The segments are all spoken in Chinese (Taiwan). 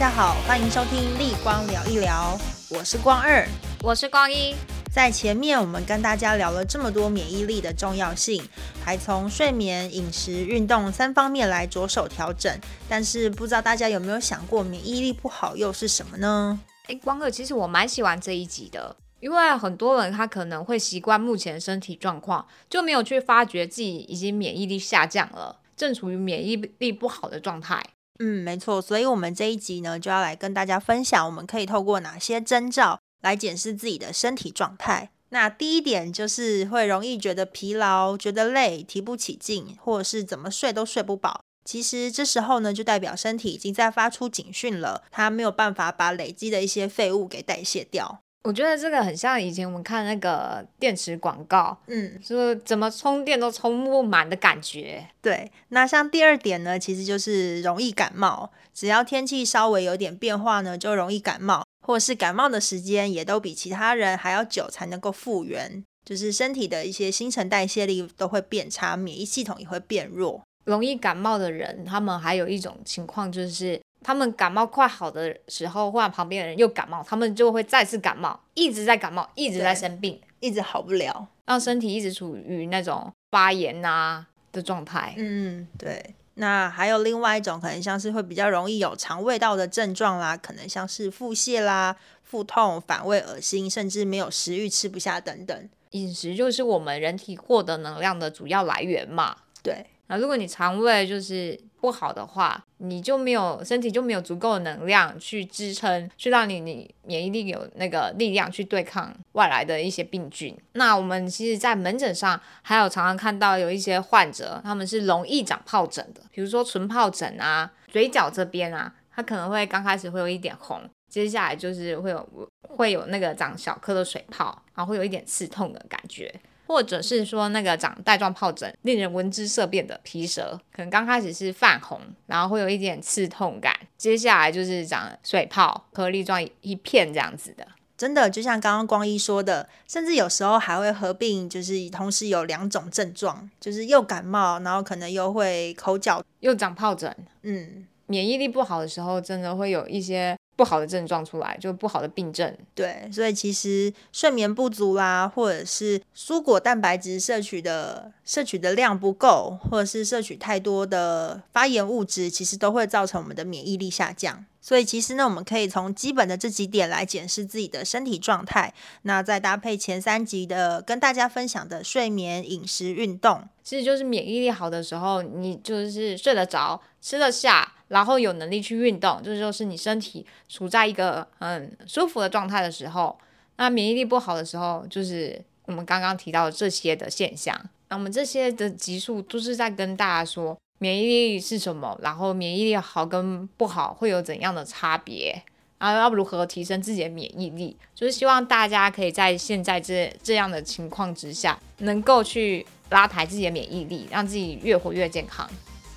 大家好，歡迎收聽《立光聊一聊》，我是光二，我是光一。在前面我們跟大家聊了這麼多免疫力的重要性，還從睡眠、飲食、運動三方面來着手調整。但是不知道大家有沒有想過，免疫力不好又是什麼呢？誒、欸，光二，其實我蠻喜歡這一集的，因為很多人他可能會習慣目前身體狀況，就沒有去發覺自己已經免疫力下降了，正處於免疫力不好的狀態。嗯，沒錯，所以我們這一集呢，就要來跟大家分享，我們可以透過哪些徵兆來檢視自己的身體狀態。那第一點就是會容易覺得疲勞、覺得累、提不起勁，或者是怎麼睡都睡不飽。其實這時候呢，就代表身體已經在發出警訊了，它沒有辦法把累積的一些廢物給代謝掉。我覺得這個很像以前我們看那個電池廣告，嗯，就是怎麼充電都充不滿的感覺。對，那像第二點呢，其實就是容易感冒，只要天氣稍微有點變化呢，就容易感冒，或是感冒的時間也都比其他人還要久才能夠復原，就是身體的一些新陳代謝力都會變差，免疫系統也會變弱。容易感冒的人，他們還有一種情況就是。他們感冒快好的時候，或旁邊的人又感冒，他們就會再次感冒，一直在感冒，一直在生病，一直好不了，讓身體一直處於那種發炎啊的狀態。嗯，對。那還有另外一種可能，像是會比較容易有腸胃道的症狀啦，可能像是腹瀉啦、腹痛、反胃、噁心，甚至沒有食欲、吃不下等等。飲食就是我們人體獲得能量的主要來源嘛。對。那如果你腸胃就是不好的話。你就沒有身體就沒有足夠的能量去支撐，去讓你你免疫力有那個力量去對抗外來的一些病菌。那我們其實，在門診上還有常常看到有一些患者，他們是容易長皰疹的，比如說唇皰疹啊、嘴角這邊啊，它可能會剛開始會有一點紅，接下來就是會有會有那個長小顆的水泡，然後會有一點刺痛的感覺。或者是說那個長帶狀皰疹，令人聞之色變的皮蛇，可能剛開始是泛紅，然後會有一點刺痛感，接下來就是長水泡、顆粒狀一片這樣子的。真的，就像剛剛光一說的，甚至有時候還會合併，就是同時有兩種症狀，就是又感冒，然後可能又會口角又長皰疹。嗯，免疫力不好的時候，真的會有一些不好的症狀出來，就不好的病症。對，所以其實睡眠不足啦、啊，或者是蔬果蛋白質攝取的攝取的量不夠，或者是攝取太多的發炎物質，其實都會造成我們的免疫力下降。所以其實呢，我們可以從基本的這幾點來檢視自己的身體狀態。那再搭配前三集的跟大家分享的睡眠、飲食、運動，其實就是免疫力好的時候，你就是睡得着、吃得下，然後有能力去運動，就是說是你身體處在一個很舒服的狀態的時候。那免疫力不好的時候，就是我們剛剛提到的這些的現象。那我們這些的集數都是在跟大家說免疫力是什麼？然後免疫力好跟不好會有怎樣的差別？然後要如何提升自己的免疫力？就是希望大家可以在現在這這樣的情況之下，能夠去拉抬自己的免疫力，讓自己越活越健康。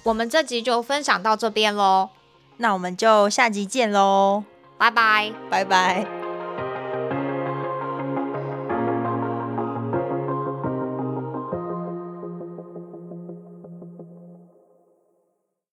我們這集就分享到這邊嘍，那我們就下集見嘍，拜拜，拜拜。